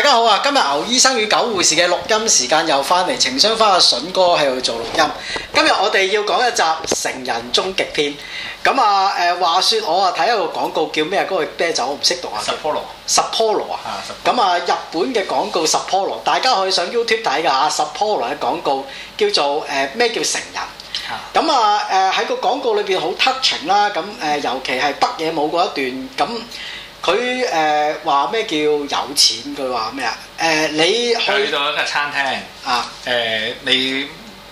大家好啊！今日牛醫生與狗護士嘅錄音時間又翻嚟，情商返阿笋哥喺度做錄音。今日我哋要講一集《成人終極篇》。咁啊，誒，話說我啊睇一個廣告叫咩？嗰個啤酒我唔識讀 Sapporo 啊。Sapporo，Sapporo 啊？咁啊，日本嘅廣告 Sapporo，大家可以上 YouTube 睇噶吓 Sapporo 嘅廣告叫做誒咩、呃、叫成人？咁啊，誒喺、啊、個廣告裏邊好 touching 啦，咁誒尤其係北野武嗰一段咁。佢誒話咩叫有錢？佢話咩啊？誒、呃、你去到一個餐廳啊？誒、呃、你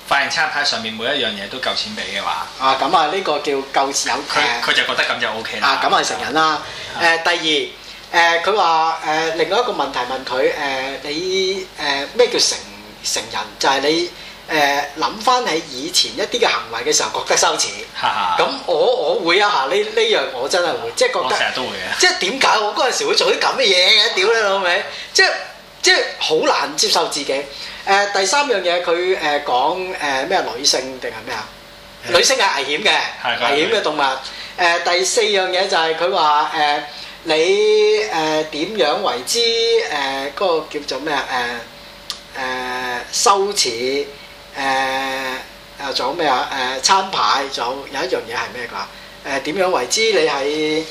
發現餐廳上面每一樣嘢都夠錢俾嘅話，啊咁啊呢、這個叫夠錢有。佢、啊、佢就覺得咁就 OK 啦。啊咁係成人啦。誒、啊啊、第二誒佢話誒另外一個問題問佢誒、呃、你誒咩、呃、叫成成人？就係、是、你。誒諗翻起以前一啲嘅行為嘅時候，覺得羞恥。哈咁、啊嗯、我我會啊下呢呢樣我真係會，會即係覺得。成日都會啊！即係點解我嗰陣時會做啲咁嘅嘢嘅？屌你老味！即係即係好難接受自己。誒、呃、第三樣嘢，佢誒講誒咩女性定係咩啊？女性係危險嘅，危險嘅動物。誒第四樣嘢就係佢話誒你誒點樣為之誒嗰個叫做咩啊？誒誒羞恥。呃誒誒仲有咩啊？誒、呃、餐牌仲有，有一樣嘢係咩㗎？誒、呃、點樣為之你係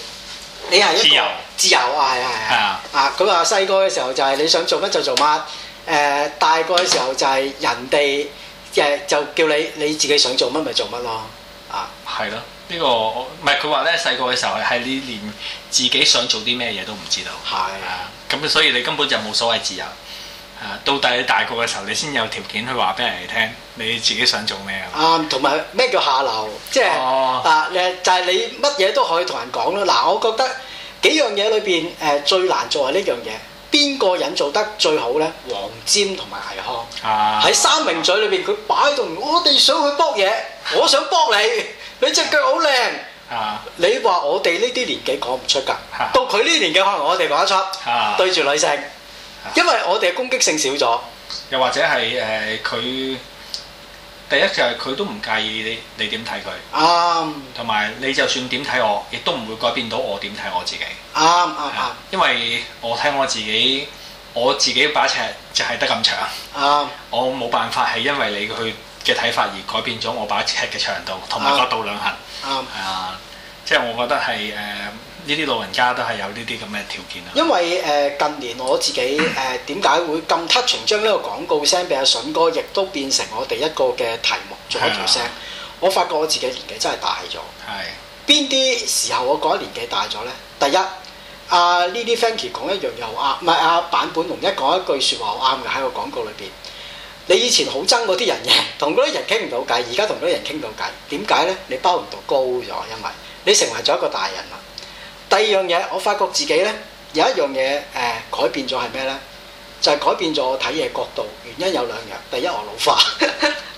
你係一個自由，自由啊！係係係啊！啊佢話細個嘅時候就係你想做乜就做乜，誒、呃、大個嘅時候就係人哋嘅、呃、就叫你你自己想做乜咪做乜咯。啊係咯，啊這個、呢個唔係佢話咧細個嘅時候係你連自己想做啲咩嘢都唔知道，係啊咁、啊、所以你根本就冇所謂自由。到底你大個嘅時候，你先有條件去話俾人哋聽，你自己想做咩啊？同埋咩叫下流？即係啊，就係你乜嘢都可以同人講啦。嗱，我覺得幾樣嘢裏邊誒最難做係呢樣嘢。邊個人做得最好呢？黃霑同埋倪匡喺三名嘴裏邊，佢擺喺度，我哋想去駁嘢，我想駁你，你隻腳好靚。你話我哋呢啲年紀講唔出㗎，到佢呢啲年紀可能我哋講得出。對住女性。因為我哋嘅攻擊性少咗、啊，又或者係誒佢第一就係佢都唔介意你你點睇佢。啱、啊，同埋你就算點睇我，亦都唔會改變到我點睇我自己。啱啱啱，因為我睇我自己，我自己把尺就係得咁長。啱、啊，我冇辦法係因為你佢嘅睇法而改變咗我把尺嘅長度同埋嗰度兩行。啱、啊，係啊，啊，啊，即係我覺得係誒。呃呢啲老人家都係有呢啲咁嘅條件啊！因為誒、呃、近年我自己誒點解會咁 touching 將呢個廣告聲俾阿舜哥，亦都變成我哋一個嘅題目做一條聲。的我發覺我自己年紀真係大咗。係邊啲時候我覺得年紀大咗咧？第一，阿呢啲 Fanky 講一樣又啱，唔係阿版本同一講一句説話好啱嘅喺個廣告裏邊。你以前好憎嗰啲人嘅，同嗰啲人傾唔到偈，而家同啲人傾到偈，點解咧？你包容度高咗，因為你成為咗一個大人啦。第二樣嘢，我發覺自己呢，有一樣嘢誒改變咗係咩呢？就係、是、改變咗我睇嘢角度。原因有兩樣，第一我老花，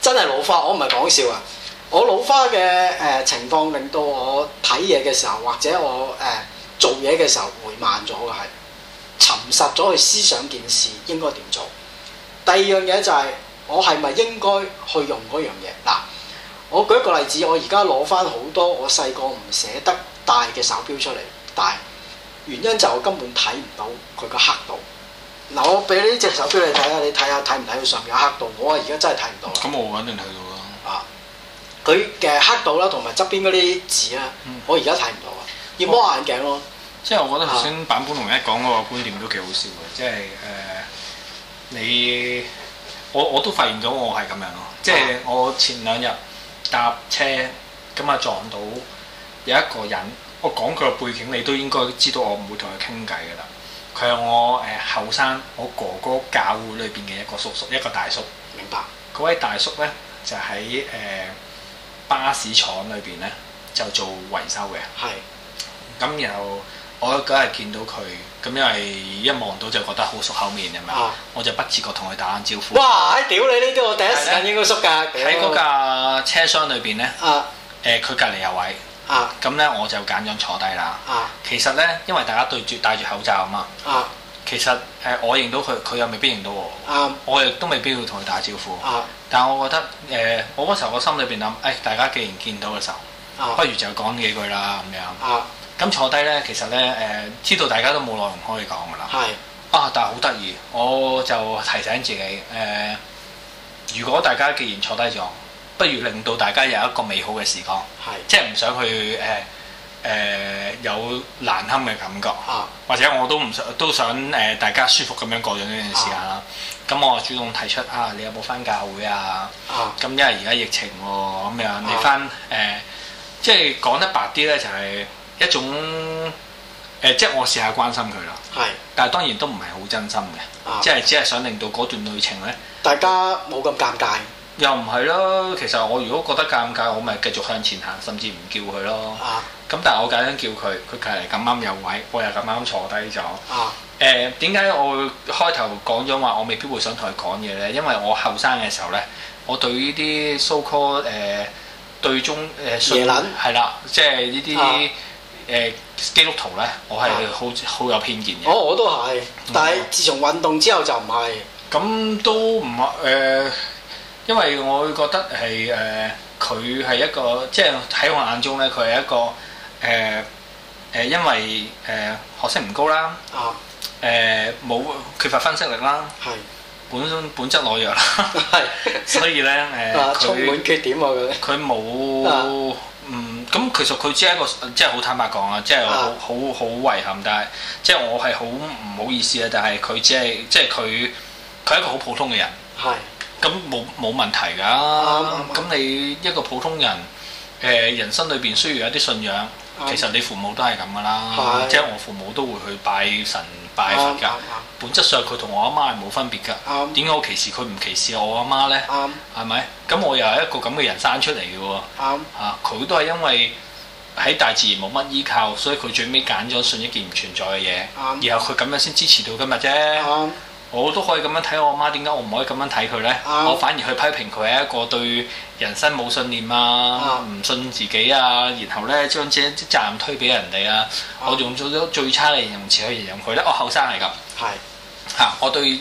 真係老花，我唔係講笑啊！我老花嘅誒情況令到我睇嘢嘅時候，或者我誒、呃、做嘢嘅時候會慢咗嘅，係沉實咗去思想件事應該點做。第二樣嘢就係、是、我係咪應該去用嗰樣嘢嗱？我舉一個例子，我而家攞翻好多我細個唔捨得戴嘅手錶出嚟。大原因就我根本睇唔到佢個黑度嗱，我俾呢隻手錶你睇下，你睇下睇唔睇到上面有黑度？我而家真係睇唔到喇。咁我肯定睇到啦。啊，佢嘅黑度啦，同埋側邊嗰啲字啦，我而家睇唔到啊，要摸眼鏡咯。即係我覺得頭先版本龍一講嗰個觀點都幾好笑嘅，即係誒、呃、你我我都發現咗我係咁樣咯，即係我前兩日搭車咁啊，撞到有一個人。我講佢個背景，你都應該知道我唔會同佢傾偈噶啦。佢係我誒後生，我哥哥教會裏邊嘅一個叔叔，一個大叔。明白。嗰位大叔咧就喺誒、呃、巴士廠裏邊咧就做維修嘅。係是。咁然後我嗰日見到佢，咁因為一望到就覺得好熟口面係咪、啊、我就不自覺同佢打緊招呼。哇！屌你呢啲，我第一時間應該縮㗎。喺嗰架車廂裏邊咧。啊。佢隔離有位。啊！咁呢我就揀樣坐低啦。其實呢，因為大家對住戴住口罩啊嘛。其實誒、呃，我認到佢，佢又未必認到我。我亦都未必要同佢打招呼。但係我覺得誒、呃，我嗰時候個心裏邊諗，誒、哎、大家既然見到嘅時候，不如就講幾句啦咁樣。咁坐低呢，其實呢，誒、呃，知道大家都冇內容可以講㗎啦。係。啊！但係好得意，我就提醒自己誒、呃，如果大家既然坐低咗。不如令到大家有一個美好嘅時光，即係唔想去誒誒有難堪嘅感覺，或者我都唔想都想誒大家舒服咁樣過咗呢段時間啦。咁我主動提出啊，你有冇翻教會啊？咁因為而家疫情喎，咁樣你翻誒，即係講得白啲咧，就係一種誒，即係我試下關心佢啦。係，但係當然都唔係好真心嘅，即係只係想令到嗰段旅程咧，大家冇咁尷尬。又唔係咯，其實我如果覺得尷尬，我咪繼續向前行，甚至唔叫佢咯。咁、啊、但係我解緊簡單叫佢，佢隔離咁啱有位，我又咁啱坐低咗。啊！誒點解我開頭講咗話我未必會想同佢講嘢呢？因為我後生嘅時候呢，我對呢啲 so called 對中誒、呃、信啦蘭，即係呢啲基督徒呢，我係好好、啊、有偏見嘅。我都係，但係自從運動之後就唔係。咁都唔誒。呃呃呃因為我會覺得係誒，佢、呃、係一個即係喺我眼中咧，佢係一個誒誒、呃，因為誒、呃、學識唔高啦，誒冇、啊呃、缺乏分析力啦，係是本身本質懦弱啦，係是所以咧誒，佢充滿缺點佢冇嗯咁，其實佢只係一個，即係好坦白講啊，即係好好好遺憾，但係即係我係好唔好意思啊！但係佢只係即係佢，佢係一個好普通嘅人，人。係。 咁冇冇問題㗎？咁你一個普通人，誒人生裏邊需要有啲信仰，其實你父母都係咁㗎啦，即係我父母都會去拜神拜佛㗎。本質上佢同我阿媽係冇分別㗎。點解我歧視佢唔歧視我阿媽呢？係咪？咁我又係一個咁嘅人生出嚟嘅喎。嚇，佢都係因為喺大自然冇乜依靠，所以佢最尾揀咗信一件唔存在嘅嘢，然後佢咁樣先支持到今日啫。我都可以咁樣睇我阿媽，點解我唔可以咁樣睇佢呢？Uh, 我反而去批評佢係一個對人生冇信念啊，唔、uh, 信自己啊，然後呢將自己責任推俾人哋啊，我用咗最差嘅形容詞去形容佢呢，我後生嚟㗎，嚇、呃！我對誒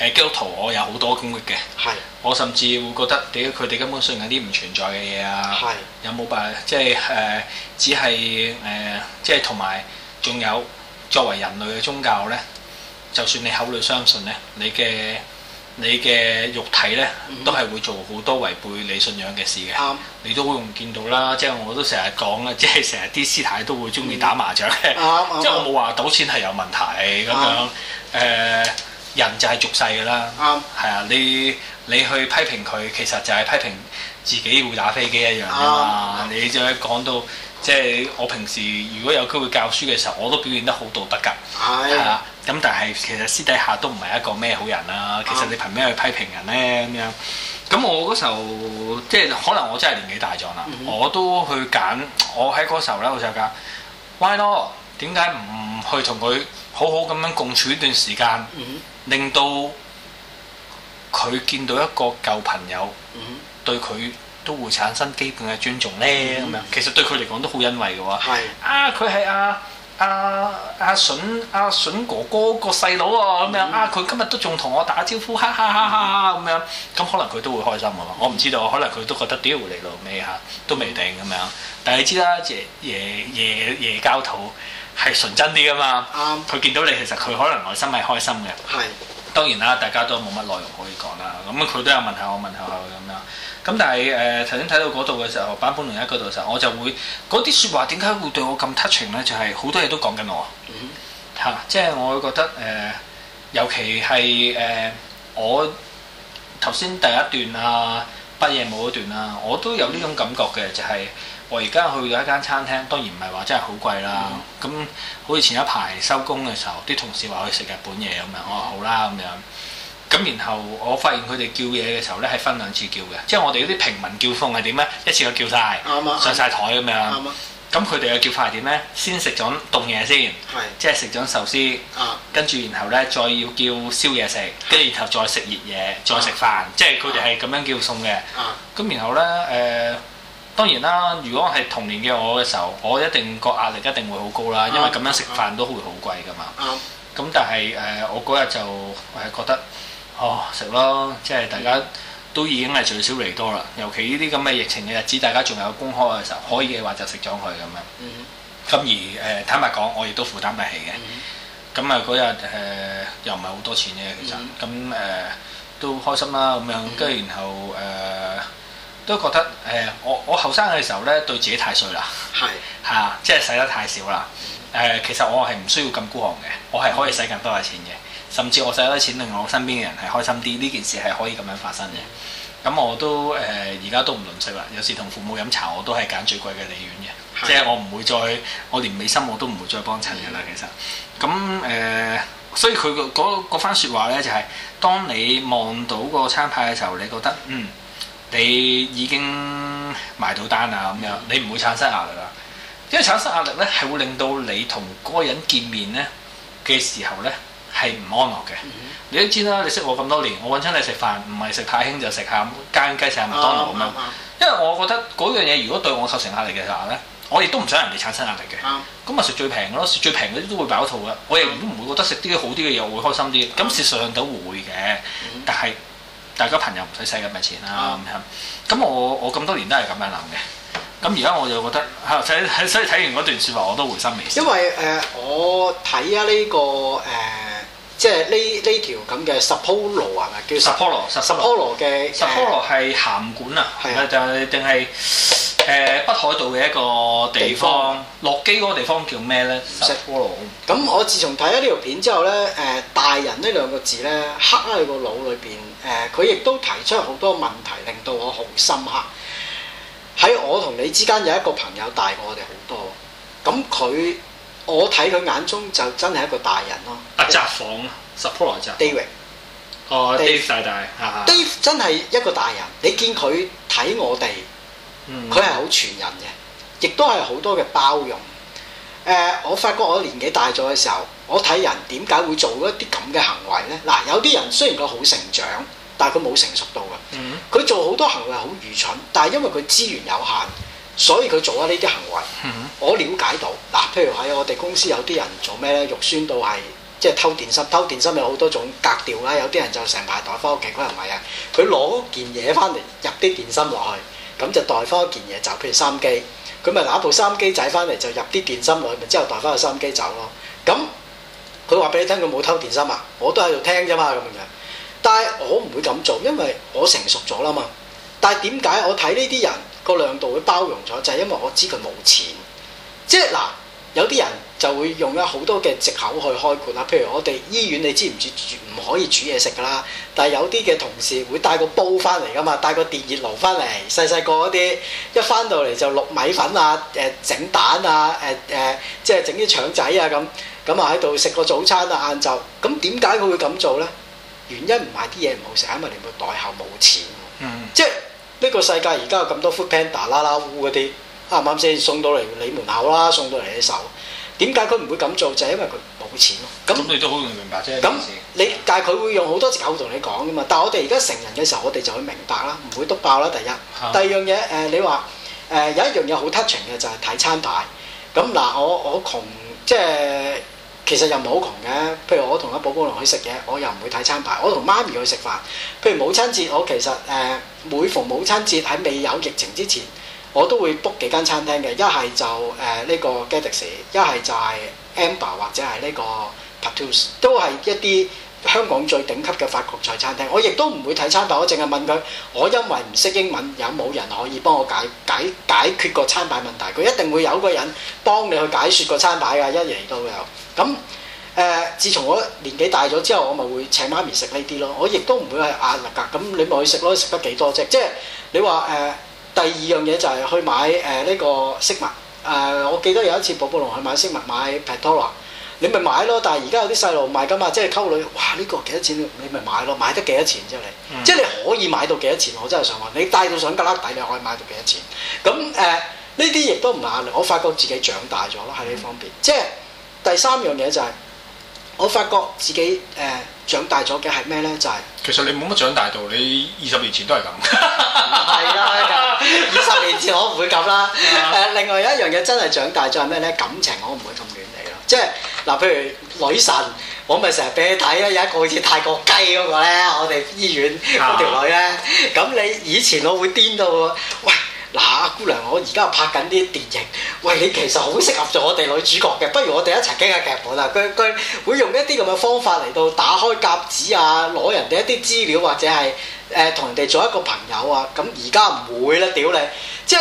誒基督徒，我有好多攻擊嘅，是我甚至會覺得佢哋根本信有啲唔存在嘅嘢啊！是有冇辦？即係誒、呃，只係誒、呃，即係同埋仲有，還有，還有，有，有作為人類嘅宗教呢。就算你口裡相信咧，你嘅你嘅肉體咧都係會做好多違背你信仰嘅事嘅。嗯、你都好容易見到啦，即係我都成日講啦，即係成日啲師太都會中意打麻將，即係我冇話賭錢係有問題咁、嗯、樣。誒、呃，人就係俗世㗎啦。係、嗯、啊，你你去批評佢，其實就係批評自己會打飛機一樣㗎嘛。嗯、你再講到即係我平時如果有機會教書嘅時候，我都表現得好道德㗎。係啊、嗯。嗯嗯。咁但係其實私底下都唔係一個咩好人啦、啊。其實你憑咩去批評人呢？咁樣？咁我嗰時候即係可能我真係年紀大咗啦，嗯、哼我都去揀。我喺嗰時候咧我就講 Y 囉點解唔去同佢好好咁樣共處一段時間，嗯、哼令到佢見到一個舊朋友、嗯、哼對佢都會產生基本嘅尊重呢？嗯哼咁樣。其實對佢嚟講都好欣慰嘅喎。是啊，佢係啊。阿阿、啊啊、筍阿、啊、筍哥哥個細佬喎，咁樣、嗯、啊佢今日都仲同我打招呼，哈哈哈哈哈。咁、嗯、樣，咁可能佢都會開心啊，我唔知道，可能佢都覺得屌你老味嚇都未定咁樣，但係你知啦，夜夜夜夜教徒係純真啲噶嘛，啱，佢見到你其實佢可能內心係開心嘅，係，當然啦，大家都冇乜內容可以講啦，咁佢都有問下我問下佢咁樣。咁但係誒頭先睇到嗰度嘅時候，版本零一嗰度嘅時候，我就會嗰啲説話點解會對我咁 touching 咧？就係、是、好多嘢都講緊我嚇，即係、嗯啊就是、我會覺得誒、呃，尤其係誒、呃、我頭先第一段啊，不夜冇一段啊，我都有呢種感覺嘅，就係、是、我而家去咗一間餐廳，當然唔係話真係好貴啦。咁、嗯、好似前一排收工嘅時候，啲同事話去食日本嘢咁樣，我話好啦咁樣。咁然後我發現佢哋叫嘢嘅時候呢，係分兩次叫嘅，即係我哋嗰啲平民叫餸係點呢？一次佢叫晒，yeah, right. 上晒台咁樣。咁佢哋嘅叫法係點呢？先食咗凍嘢先，Yeah. 即係食咗壽司，跟住 Yeah. 然後呢，再要叫燒嘢食，跟住 Yeah. 然後再食熱嘢，再食飯，Yeah. 即係佢哋係咁樣叫餸嘅。咁 Yeah. 然後呢，誒、呃，當然啦，如果係童年嘅我嘅時候，我一定個壓力一定會好高啦，因為咁樣食飯都會好貴㗎嘛。咁但係誒、呃，我嗰日就係覺得。哦，食咯，即係大家都已經係最少嚟多啦。尤其呢啲咁嘅疫情嘅日子，大家仲有公開嘅時候，可以嘅話就食咗佢咁樣。咁、嗯、而誒、呃、坦白講，我亦都負擔得起嘅。咁啊嗰日誒又唔係好多錢嘅，其實咁誒、嗯呃、都開心啦咁樣。跟住、嗯、然後誒、呃、都覺得誒、呃、我我後生嘅時候咧對自己太衰啦，係嚇是、啊、即係使得太少啦。誒、呃、其實我係唔需要咁孤寒嘅，我係可以使更多嘅錢嘅。甚至我使多啲錢令我身邊嘅人係開心啲，呢件事係可以咁樣發生嘅。咁我都誒而家都唔吝嗇啦。有時同父母飲茶，我都係揀最貴嘅利苑嘅，的即係我唔會再，我連美心我都唔會再幫襯嘅啦。其實，咁誒、呃，所以佢個嗰番説話咧就係、是，當你望到個餐牌嘅時候，你覺得嗯，你已經埋到單啦咁樣，你唔會產生壓力啦。因為產生壓力咧係會令到你同嗰個人見面咧嘅時候咧。係唔安樂嘅，你都知啦。你識我咁多年，我揾親你食飯，唔係食太興就食下間雞食下麥當勞咁樣。因為我覺得嗰樣嘢如果對我造成壓力嘅時候呢，我亦都唔想人哋產生壓力嘅。咁咪食最平嘅咯，食最平嗰啲都會飽肚嘅。我亦都唔會覺得食啲好啲嘅嘢會開心啲。咁事實上都會嘅，但係大家朋友唔使使咁嘅錢啦。咁我我咁多年都係咁樣諗嘅。咁而家我就覺得所以睇完嗰段説話我都回心微笑。因為我睇啊呢個誒。即係呢呢條咁嘅十浦羅係咪叫 olo, olo,？十浦羅，十心。十浦羅嘅。十浦羅係函館啊？係啊，定係定係誒北海道嘅一個地方。落方基嗰個地方叫咩咧？唔識。咁我自從睇咗呢條片之後咧，誒、呃、大人呢兩個字咧刻喺個腦裏邊。誒佢亦都提出好多問題，令到我好深刻。喺我同你之間有一個朋友大過我哋好多，咁佢。我睇佢眼中就真係一個大人咯。阿澤坊 support 來澤。Dave, David，哦，David 大大，Dave 真係一個大人，你見佢睇我哋，佢係好全人嘅，亦都係好多嘅包容。誒、呃，我發覺我年紀大咗嘅時候，我睇人點解會做一啲咁嘅行為咧？嗱，有啲人雖然佢好成長，但係佢冇成熟到嘅。佢、mm hmm. 做好多行為好愚蠢，但係因為佢資源有限。所以佢做咗呢啲行為，我了解到嗱，譬如喺我哋公司有啲人做咩咧？肉酸到係即係偷電芯，偷電芯有好多種，格調啦。有啲人就成排袋翻屋企，有人咪啊，佢攞件嘢翻嚟入啲電芯落去，咁就袋翻件嘢就譬如收音機，佢咪攞部收音機仔翻嚟就入啲電芯落去，咪之後袋翻個收音機走咯。咁佢話俾你聽，佢冇偷電芯啊，我都喺度聽啫嘛咁樣。但係我唔會咁做，因為我成熟咗啦嘛。但係點解我睇呢啲人？個量度會包容咗，就係、是、因為我知佢冇錢，即係嗱，有啲人就會用咗好多嘅藉口去開罐啦。譬如我哋醫院，你知唔知唔可以煮嘢食噶啦？但係有啲嘅同事會帶個煲翻嚟噶嘛，帶個電熱爐翻嚟，細細個嗰啲一翻到嚟就淥米粉啊，誒、呃、整蛋啊，誒、呃、誒、呃、即係整啲腸仔啊咁，咁啊喺度食個早餐啊晏晝，咁點解佢會咁做咧？原因唔係啲嘢唔好食，因為你個代後冇錢，嗯，即係。呢個世界而家有咁多 food panda 啦啦嗰啲，啱唔啱先？送到嚟你門口啦，送到嚟你手，點解佢唔會咁做？就係、是、因為佢冇錢咯。咁那你都好容易明白啫。咁那你，但係佢會用好多借口同你講噶嘛？但係我哋而家成人嘅時候，我哋就會明白啦，唔會篤爆啦。第一，啊、第二樣嘢，誒、呃，你話誒、呃、有一樣嘢好 touching 嘅就係、是、睇餐牌。咁嗱，我我窮即係。其實又唔係好窮嘅，譬如我同阿寶寶龍去食嘢，我又唔會睇餐牌。我同媽咪去食飯，譬如母親節，我其實誒、呃、每逢母親節喺未有疫情之前，我都會 book 幾間餐廳嘅。一係就誒呢、呃這個 Gaddi's 一係就係 Amber 或者係呢個 Petrus 都係一啲。香港最頂級嘅法國菜餐廳，我亦都唔會睇餐牌，我淨係問佢。我因為唔識英文，有冇人可以幫我解解解決個餐牌問題？佢一定會有個人幫你去解説個餐牌嘅，一嚟都有。咁誒、呃，自從我年紀大咗之後，我咪會請媽咪食呢啲咯。我亦都唔會係壓力㗎。咁你咪去食咯，食得幾多啫？即係你話誒，第二樣嘢就係去買誒呢、呃這個飾物。誒、呃，我記得有一次，寶寶龍去買飾物，買 Pandora。你咪買咯，但係而家有啲細路買噶嘛，即係溝女，哇呢、呢個幾多錢？你咪買咯，買得幾多錢啫你？嗯、即係你可以買到幾多錢，我真係想問你帶到上格拉底，你可以買到幾多錢？咁誒，呢啲亦都唔阿龍，我發覺自己長大咗咯喺呢方面。嗯、即係第三樣嘢就係、是、我發覺自己誒、呃、長大咗嘅係咩咧？就係、是、其實你冇乜長大到，你二十年前都係咁。係 啦，二十年前我唔會咁啦。誒， 另外一樣嘢真係長大咗係咩咧？感情我唔會咁亂。即係嗱，譬如女神，我咪成日俾你睇啦，有一個好似泰國雞嗰個咧，我哋醫院嗰條女咧。咁 你以前我會癲到，喂嗱、呃，姑娘，我而家拍緊啲電影，喂，你其實好適合做我哋女主角嘅，不如我哋一齊傾下劇本啊。佢佢會用一啲咁嘅方法嚟到打開夾子啊，攞人哋一啲資料或者係誒同人哋做一個朋友啊。咁而家唔會啦，屌你！即係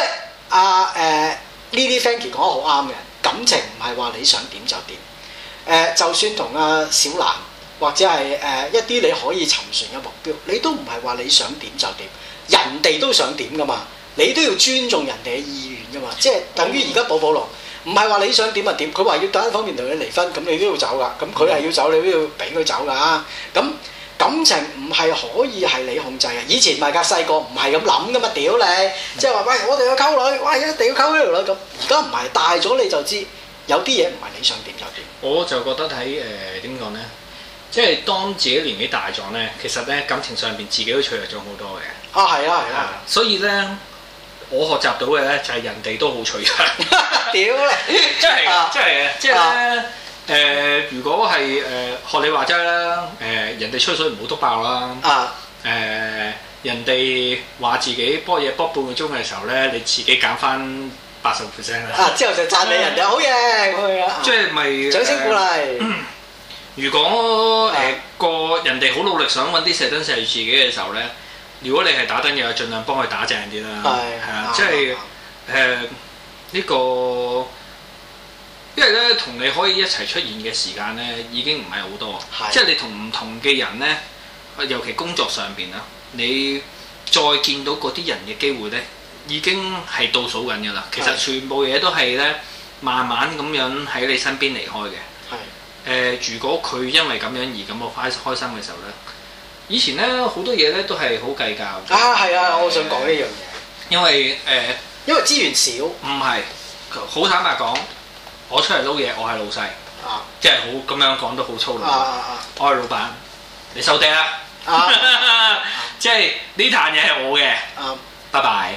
啊，誒、呃、呢啲 Fanky 講得好啱嘅。感情唔係話你想點就點，呃、就算同阿小蘭或者係誒、呃、一啲你可以尋船嘅目標，你都唔係話你想點就點，人哋都想點噶嘛，你都要尊重人哋嘅意願噶嘛，即係等於而家寶寶龍唔係話你想點就點，佢話要單方面同你離婚，咁你都要走噶，咁佢係要走，你都要俾佢走噶，咁。感情唔係可以係你控制嘅，以前唔係隔細個唔係咁諗噶嘛，屌你！即係話喂，我哋去溝女，喂一定要溝呢條女咁。而家唔係，大咗你就知有啲嘢唔係你想點就點。我就覺得睇，誒點講咧，即係當自己年紀大咗咧，其實咧感情上邊自己都脆弱咗好多嘅。啊，係啊，係啊。所以咧，我學習到嘅咧就係人哋都好脆弱。屌你尬！ 真係嘅、啊啊，真係即係咧。誒，如果係誒學你話齋啦，誒人哋吹水唔好篤爆啦，誒人哋話自己波嘢波半個鐘嘅時候咧，你自己減翻八十 percent 啊，之後就讚你人哋好嘢，咁樣。即係咪掌聲鼓勵？如果誒個人哋好努力想揾啲射燈射住自己嘅時候咧，如果你係打燈嘅，盡量幫佢打正啲啦。係，係啊，即係誒呢個。因為咧，同你可以一齊出現嘅時間咧，已經唔係好多。係。即係你同唔同嘅人咧，尤其工作上邊啦，你再見到嗰啲人嘅機會咧，已經係倒數緊㗎啦。其實全部嘢都係咧，慢慢咁樣喺你身邊離開嘅。誒係、呃，如果佢因為咁樣而咁樣開開心嘅時候咧，以前咧好多嘢咧都係好計較。啊，係啊，我好想講呢樣嘢。因為誒，呃、因為資源少。唔係，好坦白講。我出嚟撈嘢，我係老細，啊、即係好咁樣講都好粗魯。啊啊、我係老闆，嗯、你收爹啦，啊啊、 即係呢壇嘢係我嘅，啊、拜拜，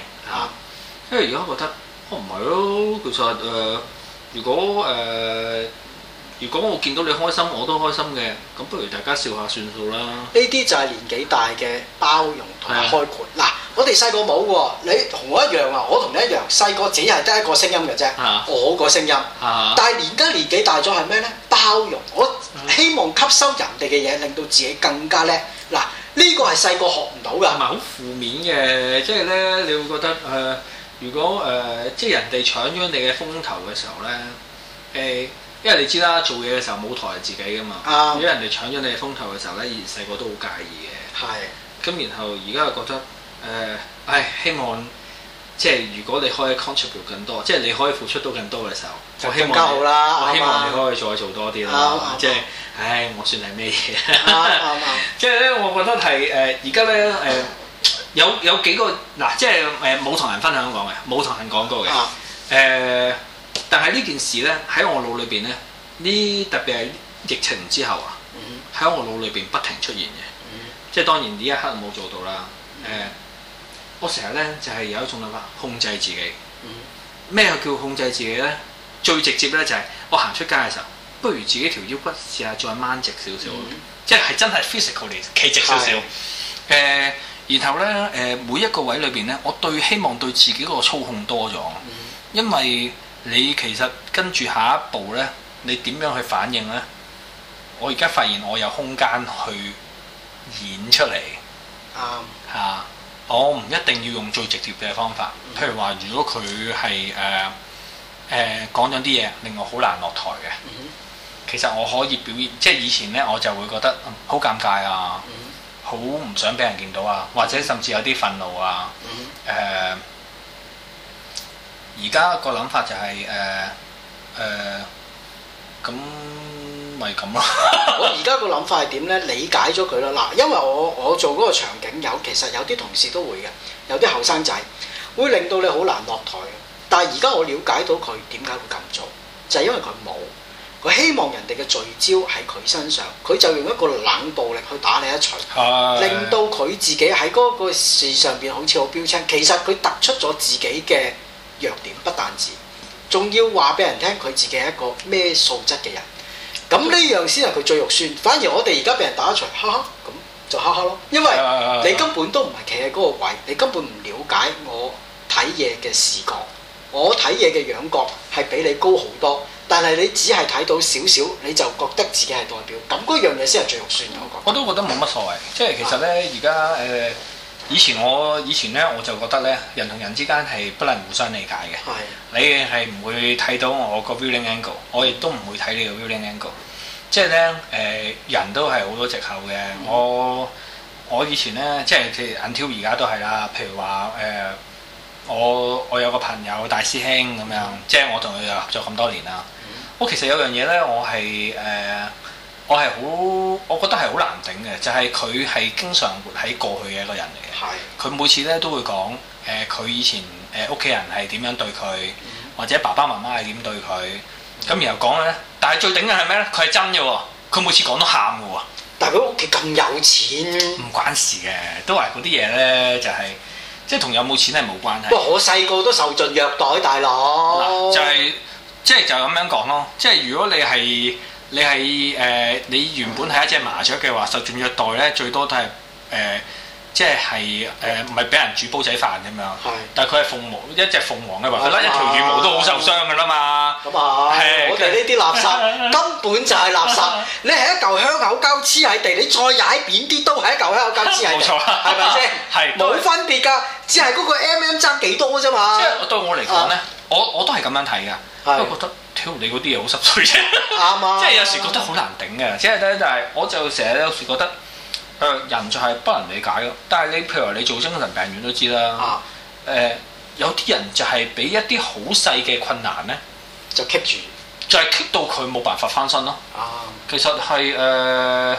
因為誒，而家、嗯啊、覺得哦，唔係咯，其實誒、呃，如果誒、呃，如果我見到你開心，我都開心嘅，咁不如大家笑下算數啦。呢啲就係年紀大嘅包容同埋開闊嗱。我哋細個冇喎，你同我一樣啊！我同你一樣細個，只係得一個聲音嘅啫。啊、我個聲音，啊、但係而家年紀大咗係咩呢？包容，我希望吸收人哋嘅嘢，令到自己更加叻。嗱，呢個係細個學唔到噶。係咪好負面嘅？即係呢，你會覺得誒，如果誒即係人哋搶咗你嘅風頭嘅時候呢，誒，因為你知啦，做嘢嘅時候舞台係自己嘅嘛。啊、如果人哋搶咗你嘅風頭嘅時候呢，以前細個都好介意嘅。係。咁然後而家又覺得。誒、呃，唉，希望即係如果你可以 contribute 更多，即係你可以付出到更多嘅時候，就我希望，好啦、啊。我希望你可以再做多啲啦，啊啊啊、即係唉，我算係咩嘢？ 啊啊啊、即係咧，我覺得係誒，而家咧誒，有有幾個嗱、呃，即係誒冇同人分享講嘅，冇同人講過嘅誒，但係呢件事咧喺我腦裏邊咧，呢特別係疫情之後啊，喺、嗯、我腦裏邊不停出現嘅，嗯嗯、即係當然呢一刻冇做到啦，誒、嗯。我成日咧就係、是、有一種諗法，控制自己。咩、嗯、叫控制自己咧？最直接咧就係、是、我行出街嘅時候，不如自己條腰骨試下再掹直少少，嗯、即係真係 physically 企直少少。誒是、呃，然後咧誒、呃，每一個位裏邊咧，我對希望對自己個操控多咗，嗯、因為你其實跟住下一步咧，你點樣去反應咧？我而家發現我有空間去演出嚟，啱、嗯，係我唔一定要用最直接嘅方法，譬如話，如果佢係誒誒講咗啲嘢令我好難落台嘅，其實我可以表現，即係以前呢，我就會覺得好尷尬啊，好唔想俾人見到啊，或者甚至有啲憤怒啊，誒、呃，而家個諗法就係誒誒咁。呃呃咪咁咯。 我而家個諗法係點呢？理解咗佢咯嗱，因為我我做嗰個場景有其實有啲同事都會嘅，有啲後生仔會令到你好難落台，但係而家我了解到佢點解會咁做，就係、是、因為佢冇佢希望人哋嘅聚焦喺佢身上，佢就用一個冷暴力去打你一錘，的令到佢自己喺嗰個事上邊好似好標青。其實佢突出咗自己嘅弱點，不但止，仲要話俾人聽佢自己係一個咩素質嘅人。咁呢樣先係佢最肉酸，反而我哋而家俾人打一場，哈哈，咁就哈哈咯。因為你根本都唔係企喺嗰個位，你根本唔了解我睇嘢嘅視覺，我睇嘢嘅仰角係比你高好多，但係你只係睇到少少，你就覺得自己係代表。咁嗰樣嘢先係最肉酸，我覺我都覺得冇乜所謂，是的 即係其實咧，而家誒。呃以前我以前咧，我就覺得咧，人同人之間係不能互相理解嘅。係的，你係唔會睇到我個 viewing angle，我亦都唔會睇你個 viewing angle 即。即係咧，誒人都係好多藉口嘅。嗯、我我以前咧，即係 until 而家都係啦。譬如話誒、呃，我我有個朋友大師兄咁樣，嗯、即係我同佢又合作咁多年啦。我、嗯、其實有樣嘢咧，我係誒。呃我係好，我覺得係好難頂嘅，就係佢係經常活喺過去嘅一個人嚟嘅。佢係嘅每次咧都會講誒，佢、呃、以前誒屋企人係點樣對佢，嗯、或者爸爸媽媽係點對佢。咁然後講咧，但係最頂嘅係咩咧？佢係真嘅，佢每次講都喊嘅喎。但係佢屋企咁有錢，唔關事嘅，都係嗰啲嘢咧，就係即係同有冇錢係冇關係。我細個都受盡虐待，大佬。嗱，就係即係就咁、係就係就係、樣講咯。即、就、係、係、如果你係。你係誒，你原本係一隻麻雀嘅話，受盡虐待咧，最多都係誒，即係誒，唔係俾人煮煲仔飯咁樣。係，但係佢係鳳凰，一隻鳳凰嘅話，一條羽毛都好受傷噶啦嘛。咁啊，我哋呢啲垃圾根本就係垃圾。你係一嚿香口膠黐喺地，你再踩扁啲都係一嚿香口膠黐喺地，冇錯，係咪先？係，冇分別㗎，只係嗰個 MM 爭幾多啫嘛。即係對我嚟講咧，我我都係咁樣睇㗎，都覺得。屌你嗰啲嘢好濕碎啫，啱，即係有時覺得好難頂嘅，即係咧，但係我就成日有時覺得，誒、呃、人就係不能理解咯。但係你譬如你做精神病院都知啦，誒、啊呃、有啲人就係俾一啲好細嘅困難咧，就 keep 住，就係 keep 到佢冇辦法翻身咯。啊、其實係誒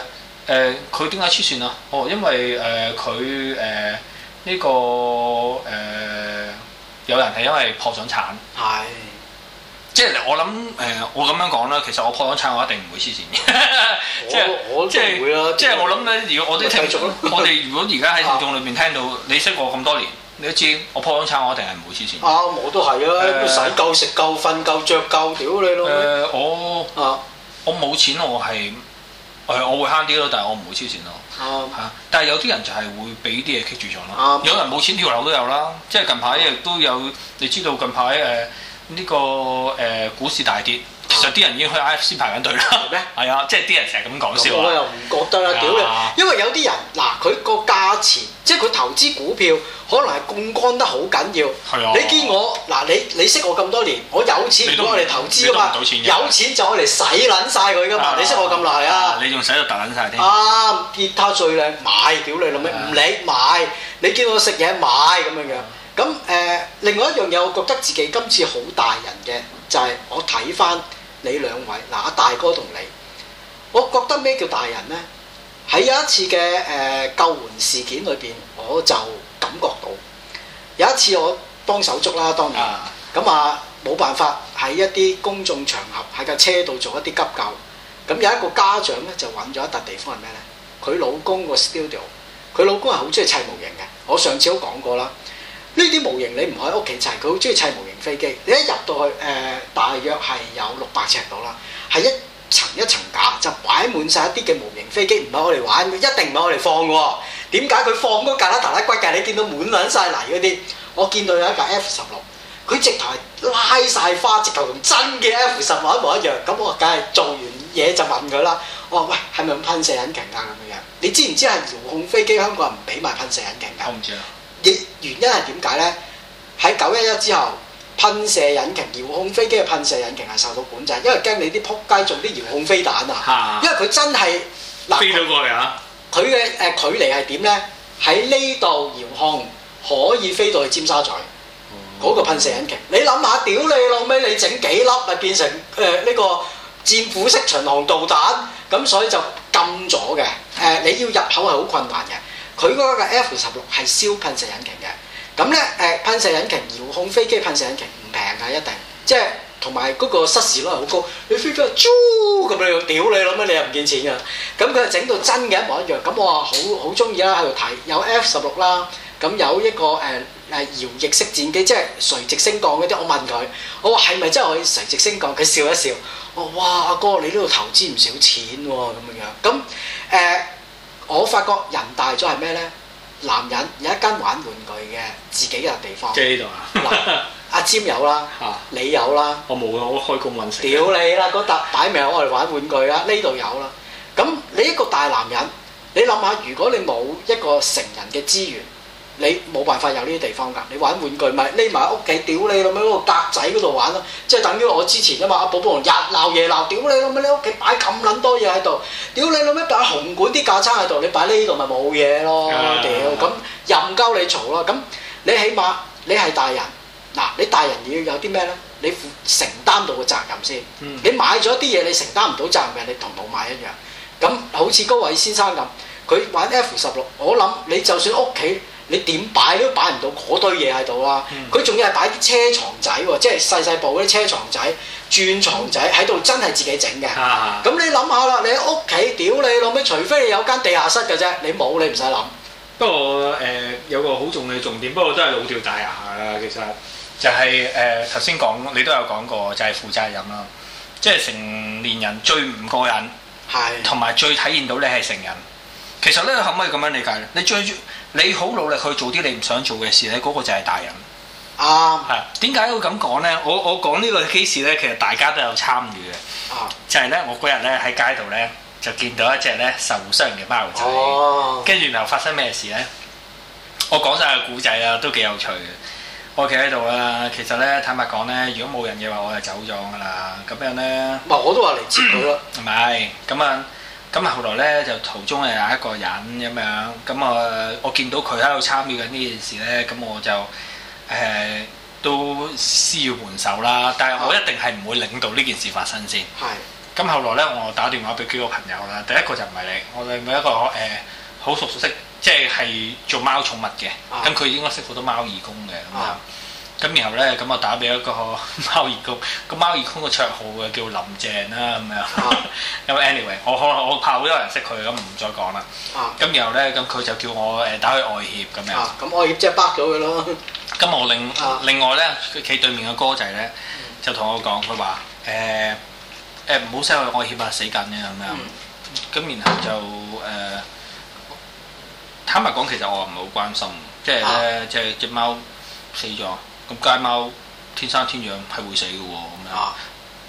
誒佢點解黐線啊？哦，因為誒佢誒呢個誒、呃、有人係因為破咗產，係、哎。即係我諗誒，我咁樣講啦。其實我破咗產，我一定唔會黐線嘅。即係即係會啊！即係我諗咧，如果我啲聽眾，我哋如果而家喺聽眾裏面聽到，你識我咁多年，你都知我破咗產，我一定係唔會黐線。啊，我都係啊，使夠食夠瞓夠着夠，屌你咯！誒，我啊，我冇錢，我係誒，我會慳啲咯，但係我唔會黐線咯。嚇！但係有啲人就係會俾啲嘢棘住住咯。有人冇錢跳樓都有啦，即係近排亦都有。你知道近排誒？呢、這個誒、呃、股市大跌，其實啲人已經去 I F C 排緊隊啦。係咩嗎？係啊、哎，即係啲人成日咁講笑。我又唔覺得啦，屌你的！因為有啲人嗱，佢個價錢即係佢投資股票，可能係槓桿得好緊要。係的啊。你見我嗱，你你識我咁多年，我有錢唔攞嚟投資㗎嘛？錢有錢就攞嚟洗撚晒佢㗎嘛？你識我咁耐係啊？你仲使到揼撚晒添？啊！結他最靚買，屌你諗咩？唔的理買，你見我食嘢買咁樣樣。咁誒、呃，另外一樣嘢，我覺得自己今次好大人嘅，就係、是、我睇翻你兩位嗱、呃，大哥同你，我覺得咩叫大人呢？喺有一次嘅誒、呃、救援事件裏邊，我就感覺到有一次我幫手足啦，當然咁啊，冇辦法喺一啲公眾場合喺架車度做一啲急救。咁有一個家長咧，就揾咗一笪地方係咩呢？佢老公個 studio，佢老公係好中意砌模型嘅。我上次都講過啦。呢啲模型你唔喺屋企砌，佢好中意砌模型飛機。你一入到去，誒、呃，大約係有六百尺度啦，係一層一層架，就擺滿晒一啲嘅模型飛機，唔係我哋玩，一定唔係我哋放嘅。點解佢放嗰架啦？塔啦骨嘅，你見到滿撚晒泥嗰啲。我見到有一架 F 十六，佢直頭係拉晒花，直頭同真嘅 F 十六一模一樣。咁、嗯、我梗係做完嘢就問佢啦。我話喂，係咪噴射引擎啊？咁樣，你知唔知係遙控飛機？香港人唔俾賣噴射引擎㗎。我唔知原因係點解咧？喺九一一之後，噴射引擎、遙控飛機嘅噴射引擎係受到管制，因為驚你啲仆街做啲遙控飛彈啊！因為佢真係飛咗過嚟啊！佢嘅誒距離係點咧？喺呢度遙控可以飛到去尖沙咀嗰個噴射引擎，你諗下，屌你老味，你整幾粒咪變成誒呢個戰斧式巡航導彈，咁所以就禁咗嘅。誒，你要入口係好困難嘅。佢嗰個 F 十六係燒噴射引擎嘅，咁咧，誒噴射引擎、遙控飛機噴射引擎唔平㗎一定，即係同埋嗰個失事率好高。你飛機一嘟咁你屌你諗乜你又唔見錢㗎？咁佢又整到真嘅一模一樣。咁我話好好中意啦，喺度睇，有 F 十六啦，咁有一個誒誒搖翼式戰機，即係垂直升降嗰啲。我問佢，我話係咪真係可以垂直升降？佢笑一笑，我話：哇，阿哥你呢度投資唔少錢喎、啊，咁樣樣咁誒。我發覺人大咗係咩咧？男人有一間玩玩具嘅自己嘅地方。即係呢度啊！阿 Jim 有啦，啊、你有啦，我冇啊！我開工揾食。屌你啦！嗰笪擺明我哋玩玩具啊！呢度有啦。咁你一個大男人，你諗下，如果你冇一個成人嘅資源。你冇辦法有呢啲地方㗎，你玩玩具咪匿埋喺屋企屌你老味嗰個格仔嗰度玩咯，即係等於我之前啊嘛，阿寶寶王日鬧夜鬧，屌你老味你屋企擺咁撚多嘢喺度，屌你老味擺紅館啲架撐喺度，你擺呢度咪冇嘢咯，屌，咁任鳩你嘈咯，咁你起碼你係大人，嗱，你大人要有啲咩咧？你負承擔到嘅責任先，你買咗啲嘢你承擔唔到責任，你同冇買一樣。咁好似嗰位先生咁，佢玩 F 十六，我諗你就算屋企。你點擺都擺唔到嗰堆嘢喺度啊。佢仲、嗯、要係擺啲車床仔喎，即係細細部嗰啲車床仔、轉床仔喺度，真係自己整嘅。咁、啊、你諗下啦，你喺屋企屌你老母，除非你有間地下室嘅啫，你冇你唔使諗。不過誒、呃、有個好重要嘅重點，不過都係老掉大牙啊，其實就係誒頭先講你都有講過，就係、是、負責任啦，即、就、係、是、成年人最唔過癮，同埋的最體現到你係成人。其實咧，可唔可以咁樣理解？你最你好努力去做啲你唔想做嘅事，你、那、嗰個就係大人。啱、啊。係。點解會咁講咧？我我講呢個 case 咧，其實大家都有參與嘅。啊、就係咧，我嗰日咧喺街度咧就見到一隻咧受傷嘅貓仔。跟住、啊、然後又發生咩事咧？我講晒個故仔啦，都幾有趣嘅。我企喺度啦，其實咧坦白講咧，如果冇人嘅話，我就走咗噶啦。咁樣咧。唔係，我都話嚟接佢啦、嗯。係咪、嗯？咁啊。咁後來咧就途中又有一個人咁樣，咁啊我見到佢喺度參與緊呢件事咧，咁我就誒、呃、都施以援手啦。但係我一定係唔會領導呢件事發生先。係的。咁後來咧，我打電話俾幾個朋友啦，第一個就唔係你，我哋每一個誒好、呃、熟悉，即係係做貓寵物嘅，咁佢的應該識好多貓義工嘅咁啦。的咁然後咧，咁我打俾一個貓二公，個貓二公個綽號嘅叫林鄭啦、啊，咁樣。因為、uh, anyway，我可我怕好多人識佢，咁唔再講啦。咁、uh, 然後咧，咁佢就叫我誒打去外協咁樣。咁、uh, 嗯、外協即係崩咗佢咯。咁我另、uh, 另外咧，企對面嘅哥仔咧，就同我講佢話誒誒唔好聲啊，外協啊死緊嘅咁樣。咁、uh, 然後就誒、呃、坦白講，其實我唔係好關心，即係咧、uh, uh.，即係隻貓死咗。咁街貓天生天養係會死嘅喎，咁樣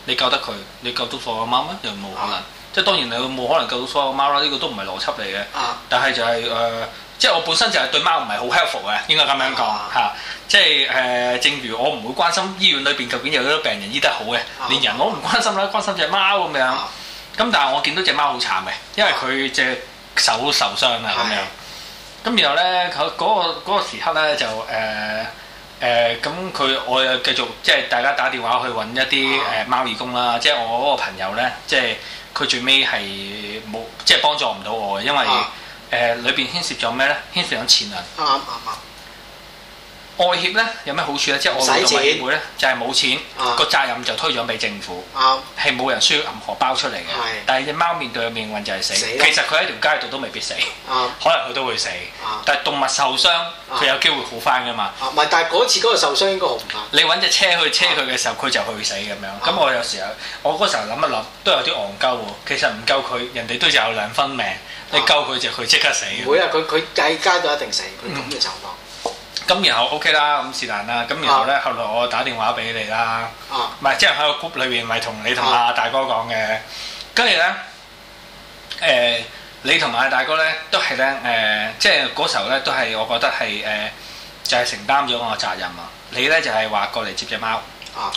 你救得佢，你救到所有貓咩？又冇可能，即係當然你冇可能救到所有貓啦。呢個都唔係邏輯嚟嘅。但係就係誒，即係我本身就係對貓唔係好 helpful 嘅，應該咁樣講吓。即係誒，正如我唔會關心醫院裏邊究竟有幾多病人醫得好嘅，連人我都唔關心啦，關心隻貓咁樣。咁但係我見到隻貓好慘嘅，因為佢隻手受傷啦咁樣。咁然後咧，佢嗰個嗰個時刻咧就誒。誒咁佢我又繼續即係大家打電話去揾一啲誒、啊呃、貓義工啦，即係我嗰個朋友呢，即係佢最尾係冇即係幫助唔到我，因為誒裏邊牽涉咗咩呢？牽涉咗錢啊！愛協咧有咩好處咧？即係愛協嘅會咧，就係冇錢，個責任就推咗俾政府，係冇人需要銀荷包出嚟嘅。但係隻貓面對嘅命運就係死。其實佢喺條街度都未必死，可能佢都會死。但係動物受傷，佢有機會好翻㗎嘛。唔係，但係嗰次嗰個受傷應該好唔慘。你揾隻車去車佢嘅時候，佢就去死咁樣。咁我有時候，我嗰時候諗一諗，都有啲戇鳩喎。其實唔救佢，人哋都有兩分命，你救佢就佢即刻死。唔會啊，佢佢喺街就一定死，佢咁嘅情況。咁然後 OK 啦，咁是但啦。咁然後咧，uh, 後來我打電話俾你啦，唔係、uh. 即係喺個 group 裏邊，咪同你同阿大哥講嘅。Uh. 呢呃、跟住咧，誒你同埋阿大哥咧，都係咧，誒、呃、即係嗰時候咧，都係我覺得係誒、呃、就係、是、承擔咗我嘅責任啊。你咧就係、是、話過嚟接隻貓，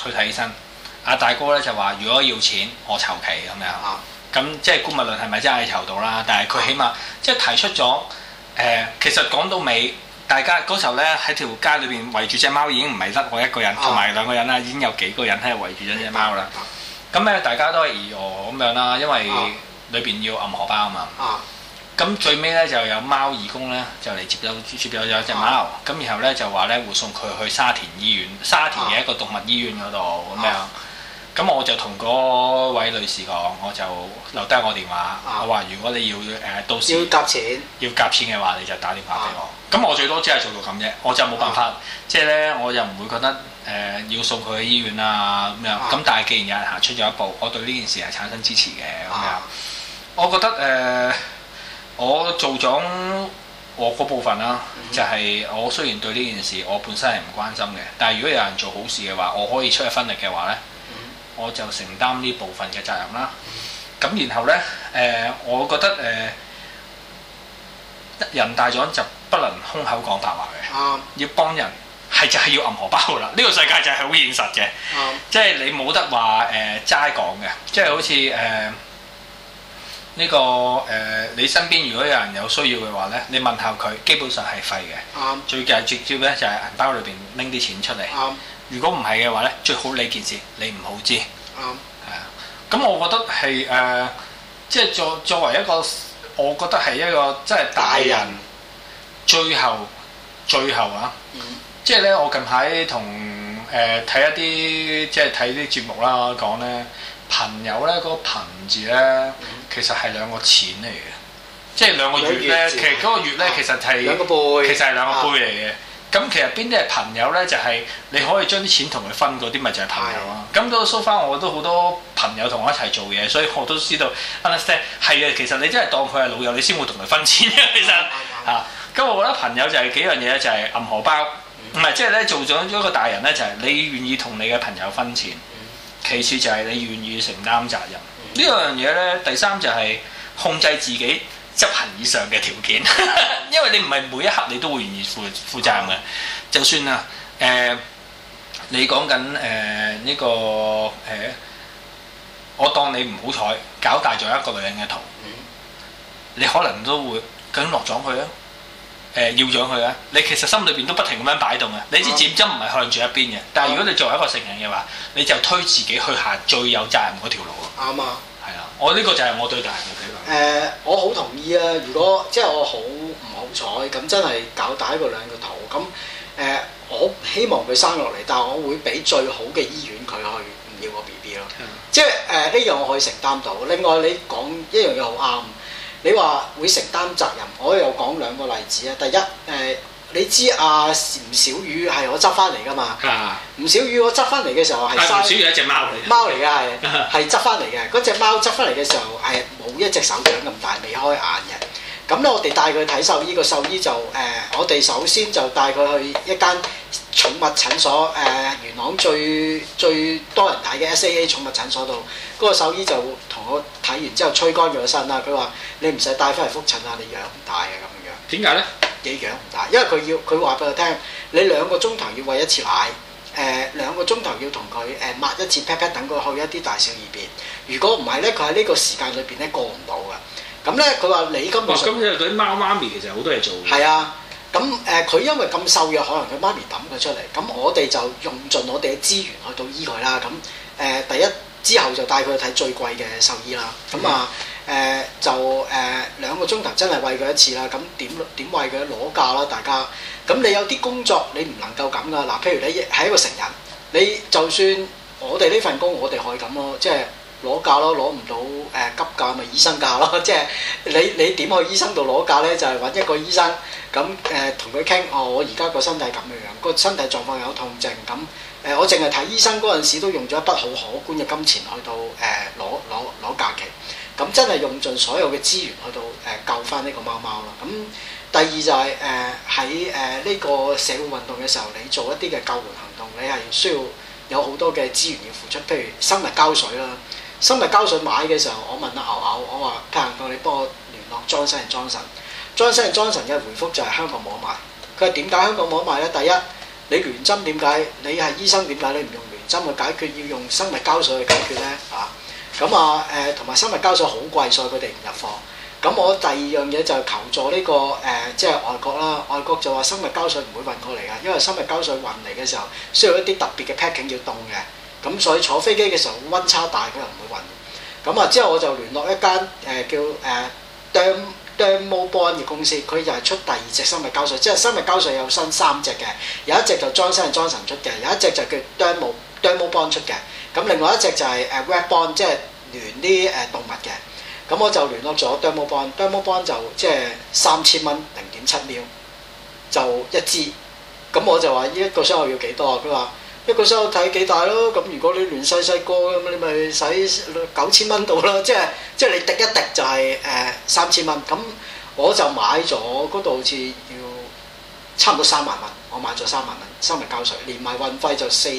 去睇醫生，阿、啊、大哥咧就話，如果要錢，我籌期咁樣。咁即係姑勿論，係咪真係籌到啦？但係佢起碼即係提出咗誒、呃，其實講到尾。大家嗰時候咧，喺條街裏邊圍住隻貓，已經唔係得我一個人，同埋、啊、兩個人啦，已經有幾個人喺度圍住咗隻貓啦。咁咧大家都係疑惑咁樣啦，因為裏邊要揼荷包啊嘛。咁最尾咧就有貓義工咧就嚟接走，接走咗隻貓，咁、啊、然後咧就話咧會送佢去沙田醫院，沙田嘅一個動物醫院嗰度咁樣。啊啊咁我就同嗰位女士講，我就留低我電話。啊、我話如果你要誒、呃、到時要夾錢，要夾錢嘅話，你就打電話俾我。咁、啊、我最多只係做到咁啫，我就冇辦法，即係咧，我就唔會覺得誒、呃、要送佢去醫院啊咁樣。咁、啊、但係既然有人行出咗一步，我對呢件事係產生支持嘅。咁樣啊、我覺得誒、呃，我做咗我嗰部分啦、啊，就係、係、我雖然對呢件事我本身係唔關心嘅，但係如果有人做好事嘅話，我可以出一分力嘅話咧。我就承擔呢部分嘅責任啦。咁、嗯、然後呢，誒、呃，我覺得誒、呃、人大咗就不能空口講白話嘅，嗯、要幫人係就係要銀荷包噶啦。呢、這個世界就係好現實嘅、嗯呃，即係你冇得話誒齋講嘅，即係好似誒呢個誒、呃、你身邊如果有人有需要嘅話呢，你問候佢基本上係廢嘅，嗯、最緊係直接呢，就係、是、銀包裏邊拎啲錢出嚟。嗯如果唔係嘅話咧，最好你件事你唔好知。啱、嗯，啊。咁我覺得係誒、呃，即係作作為一個，我覺得係一個即係大人、嗯、最後最後啊。嗯、即係咧，我近排同誒睇一啲即係睇啲節目啦，講咧朋友咧嗰、那個朋字咧，其實係兩個錢嚟嘅，嗯、即係兩個月咧，嗯、其實嗰個月咧、嗯、其實係其實係兩個杯嚟嘅。啊。咁其實邊啲係朋友咧？就係、是、你可以將啲錢同佢分嗰啲，咪就係朋友咯。咁到 so far 我都好多朋友同我一齊做嘢，所以我都知道 understand。係啊，其實你真係當佢係老友，你先會同佢分錢嘅。其實嚇，咁、啊、我覺得朋友就係幾樣嘢，就係、是、暗荷包，唔係即係咧做咗一個大人咧，就係、是、你願意同你嘅朋友分錢。其次就係你願意承擔責任。這個、樣呢樣嘢咧，第三就係控制自己。執行以上嘅條件， 因為你唔係每一刻你都會願意負負責任嘅。就算啊，誒、呃，你講緊誒呢個誒、呃，我當你唔好彩搞大咗一個女人嘅圖，嗯、你可能都會咁落咗佢啊，誒、呃，要養佢啊。你其實心裏邊都不停咁樣擺動嘅。你知劍針唔係向住一邊嘅，但係如果你作為一個成人嘅話，你就推自己去行最有責任嗰條路。啱啊、嗯。係啊，我呢個就係我對大人嘅睇法。誒、呃，我好同意啊！如果即係我好唔好彩，咁真係搞大嗰兩個頭，咁誒、呃，我希望佢生落嚟，但係我會俾最好嘅醫院佢去我 BB，唔要個 B B 咯。即係誒呢樣我可以承擔到。另外你講一樣嘢好啱，你話會承擔責任，我又講兩個例子啊。第一誒、呃你知啊，吳小雨係我執翻嚟噶嘛？啊！吳小雨我執翻嚟嘅時候係、啊，吳小雨係一隻貓嚟嘅。 貓嚟嘅係，係執翻嚟嘅。嗰隻貓執翻嚟嘅時候係冇一隻手掌咁大，未開眼嘅。咁咧，我哋帶佢去睇獸醫，個獸醫就誒、呃，我哋首先就帶佢去一間寵物診所，誒、呃、元朗最最多人睇嘅 S A A 寵物診所度。嗰個獸醫就同我睇完之後吹乾咗身啦，佢話：你唔使帶翻嚟覆診啦，你養唔大嘅咁樣呢。點解咧？自己養唔大，因為佢要佢話俾我聽，你兩個鐘頭要餵一次奶，誒、呃、兩個鐘頭要同佢誒抹一次 pat pat 等佢去一啲大小二便。如果唔係咧，佢喺呢個時間裏邊咧過唔到噶。咁咧佢話你今個月。哦，咁即係對啲媽咪其實好多嘢做。係啊，咁誒佢因為咁瘦弱，可能佢媽咪抌佢出嚟，咁我哋就用盡我哋嘅資源去到醫佢啦。咁誒、呃、第一之後就帶佢去睇最貴嘅獸醫啦。咁、嗯、啊。誒、呃、就誒、呃、兩個鐘頭真係餵佢一次啦，咁點點餵佢攞假啦？大家，咁你有啲工作你唔能夠咁噶，嗱，譬如你係一個成人，你就算我哋呢份工我哋可以咁咯，即係攞假咯，攞唔到誒、呃、急假咪、就是、醫生假咯，即 係你你點去醫生度攞假呢？就係、是、揾一個醫生，咁誒同佢傾，哦，我而家個身體咁樣樣，個身體狀況有痛症，咁誒、呃、我淨係睇醫生嗰陣時都用咗一筆好可觀嘅金錢去到誒攞攞攞假期。咁真係用盡所有嘅資源去到誒救翻呢個貓貓啦。咁第二就係誒喺誒呢個社會運動嘅時候，你做一啲嘅救援行動，你係需要有好多嘅資源要付出，譬如生物膠水啦。生物膠水買嘅時候，我問阿牛牛，我話：，聽下佢你幫我聯絡莊生莊神。莊生莊神嘅回覆就係香港冇得賣。佢話點解香港冇得賣咧？第一，你原針點解？你係醫生點解你唔用原針去解決，要用生物膠水去解決咧？啊！咁啊，誒同埋生物膠水好貴，所以佢哋唔入貨。咁我第二樣嘢就求助呢、呢個誒、呃，即係外國啦。外國就話生物膠水唔會運過嚟嘅，因為生物膠水運嚟嘅時候需要一啲特別嘅 packing 要凍嘅。咁所以坐飛機嘅時候温差大，佢又唔會運。咁啊之後我就聯絡一間誒、呃、叫誒、呃、Derm Dermabond 嘅公司，佢又係出第二隻生物膠水，即係生物膠水有新三隻嘅。有一隻就 Johnson Johnson 出嘅，有一隻就叫 Derm Dermabond 出嘅。咁另外一隻就係誒 Web Bond，即係聯啲誒動物嘅。咁我就聯絡咗 Dermabond，Dermabond 就即係三千蚊零點七秒就一支。咁我就話呢一個傷口我要幾多啊？佢話一個傷口睇幾大咯。咁如果你聯細細個咁，你咪使九千蚊到啦。即係即係你滴一滴就係誒三千蚊。咁、呃、我就買咗嗰度好似要差唔多三萬蚊。我買咗三萬蚊，三埋交稅，連埋運費就四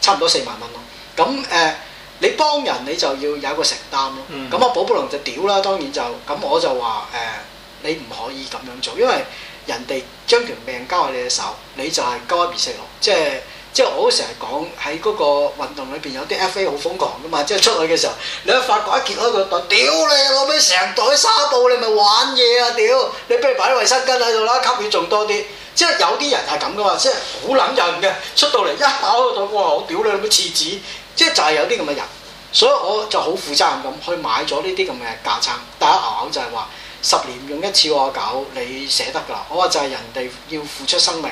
差唔多四萬蚊咯。咁誒，你幫人你就要有一個承擔咯。咁啊、嗯，寶寶龍就屌啦，當然就咁我就話誒、呃，你唔可以咁樣做，因為人哋將條命交喺你隻手，你就係交俾別斯洛。即係即係我都成日講喺嗰個運動裏邊有啲 FA 好瘋狂噶嘛，即係出去嘅時候，你一發覺一揭開個袋，屌你老味，成袋沙布你咪玩嘢啊屌！你不如擺啲衛生巾喺度啦，吸血仲多啲。即係有啲人係咁噶嘛，即係好撚人嘅，出到嚟一打開個袋，哇！我屌你老味，廁紙。即係就係有啲咁嘅人，所以我就好負責任咁去買咗呢啲咁嘅架撐。大家咬咬就係話十年用一次我搞，你捨得㗎喇。我話就係人哋要付出生命，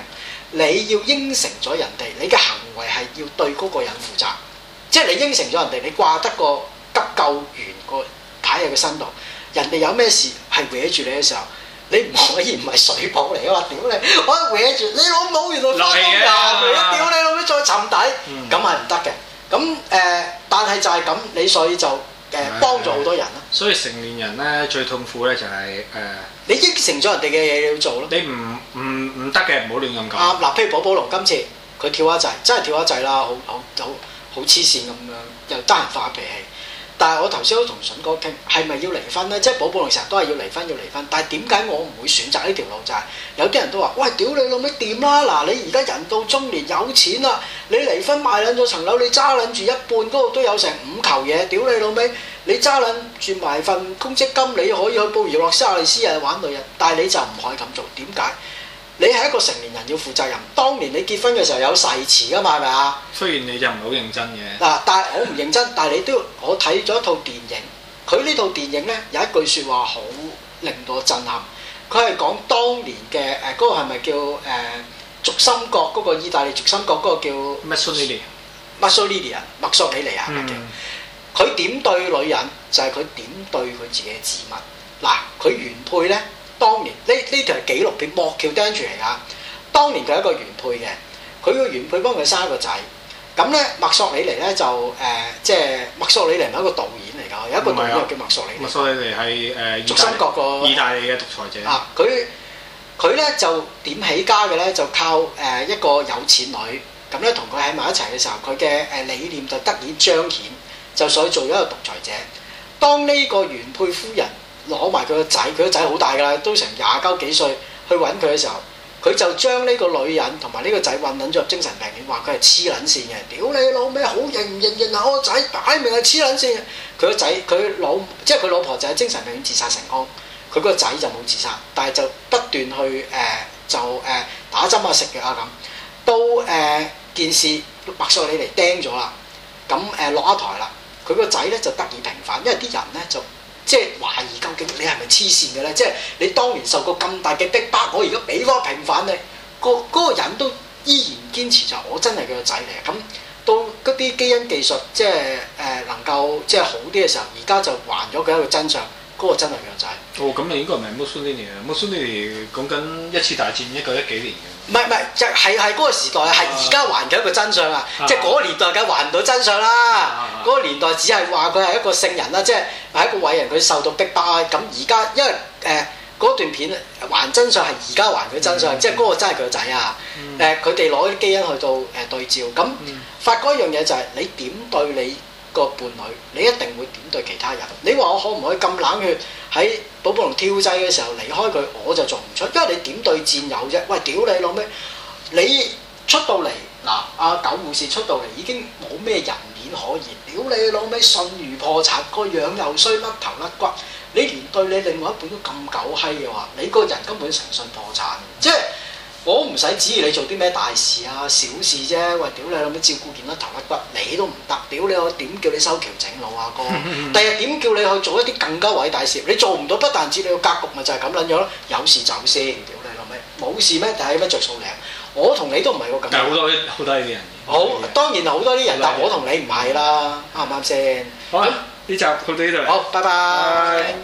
你要應承咗人哋，你嘅行為係要對嗰個人負責。即係你應承咗人哋，你掛得個急救員個牌喺佢身度，人哋有咩事係搲住你嘅時候，你唔可以唔係水泡嚟啊！屌你，我搲住你老母原來翻工岩嚟啊！屌你老母再沉底，咁係唔得嘅。咁誒、呃，但係就係咁，你所以就誒、呃嗯、幫咗好多人咯、啊。所以成年人咧最痛苦咧就係、是、誒、呃，你應承咗人哋嘅嘢要做咯。你唔唔唔得嘅，唔好亂咁講。啊，嗱，譬如寶寶龍今次佢跳一陣，真係跳一陣啦，好好好，好黐線咁樣，又得人發脾氣。嗯但係我頭先都同筍哥傾，係咪要離婚呢？即係寶寶龍成日都係要離婚要離婚，但係點解我唔會選擇呢條路？就係、是、有啲人都話，喂，屌你老味掂啦！嗱，你而家人到中年有錢啦，你離婚賣撚咗層樓，你揸撚住一半嗰度都有成五球嘢，屌你老味，你揸撚住埋份公積金，你可以去報娛樂沙利斯啊玩女人，但係你就唔可以咁做，點解？你係一個成年人要負責任。當年你結婚嘅時候有誓詞噶嘛？係咪啊？雖然你就唔係好認真嘅。嗱、啊，但係我唔認真，但係你都我睇咗一套電影。佢呢套電影咧有一句説話好令我震撼。佢係講當年嘅誒，嗰、呃那個係咪叫誒《軸、呃、心國、那個》嗰個意大利《軸心國》嗰個叫。Mussolini。Mussolini 佢點對女人就係、是、佢點對佢自己嘅字物。嗱、啊，佢原配咧。當年呢呢條係紀錄片莫喬丹馳嚟㗎，當年佢係一個原配嘅，佢個原配幫佢生一個仔。咁咧，墨索里尼咧就誒、呃，即係墨索里尼係一個導演嚟㗎，有一個導演叫墨索里。尼、啊。墨索里尼係誒，意大利嘅獨裁者。啊，佢佢咧就點起家嘅咧，就靠誒、呃、一個有錢女。咁咧同佢喺埋一齊嘅時候，佢嘅誒理念就得以彰顯，就所以做咗一個獨裁者。當呢個原配夫人，攞埋佢個仔，佢個仔好大㗎啦，都成廿九幾歲，去揾佢嘅時候，佢就將呢個女人同埋呢個仔運撚咗入精神病院，話佢係黐撚線嘅。屌你老味，好認唔認認呀，我個仔，擺明係黐撚線。佢個仔，佢老即係佢老婆就喺精神病院自殺成功，佢個仔就冇自殺，但係就不斷去誒、呃、就誒打針啊、食藥啊咁，到誒、呃、件事白曬你嚟，釘咗啦。咁誒落咗台啦，佢個仔咧就得以平反，因為啲人咧就。即係懷疑究竟你係咪黐線嘅咧？即係你當年受過咁大嘅逼迫，我而家俾翻平反你，個嗰個人都依然堅持就我真係佢個仔嚟。咁到嗰啲基因技術即係誒、呃、能夠即係好啲嘅時候，而家就還咗佢一個真相。嗰個真係佢個仔。哦，咁你應該唔係 Mussolini 啊 Mussolini 講緊一次大戰，一九一幾年嘅。唔係唔係，就係係嗰個時代啊，係而家還一個真相啊，即係嗰年代梗還唔到真相啦。嗰、啊、個年代只係話佢係一個聖人啦，即係係一個偉人，佢受到迫害咁。而家因為誒嗰、呃、段片還真相係而家還佢真相，嗯、即係嗰個真係佢個仔啊。誒、嗯，佢哋攞啲基因去到誒對照，咁、嗯、發覺一樣嘢就係你點對你個伴侶，你一定會點對其他人？你話我可唔可以咁冷血喺寶寶龍跳掣嘅時候離開佢？我就做唔出，因為你點對戰友啫？喂，屌你老味！你出到嚟嗱，阿九護士出到嚟已經冇咩人面可言，屌你老味，信譽破產，個樣又衰，甩頭甩骨，你連對你另外一半都咁狗閪嘅話，你個人根本誠信破產嘅，即係。我唔使指意你做啲咩大事啊小事啫，喂，屌你老味照顧件甩頭甩骨，你都唔得，屌你我點叫你修橋整路啊哥，第日點叫你去做一啲更加偉大事業，你做唔到，不但止你個格局咪就係咁撚樣咯，有事先走先，屌你老味，冇事咩？但睇乜著數領？我同你都唔係個咁。但好多好多啲人。好，當然好多啲人，嗯、但我同你唔係啦，啱唔啱先？行行好，呢好集到呢度。好，拜拜。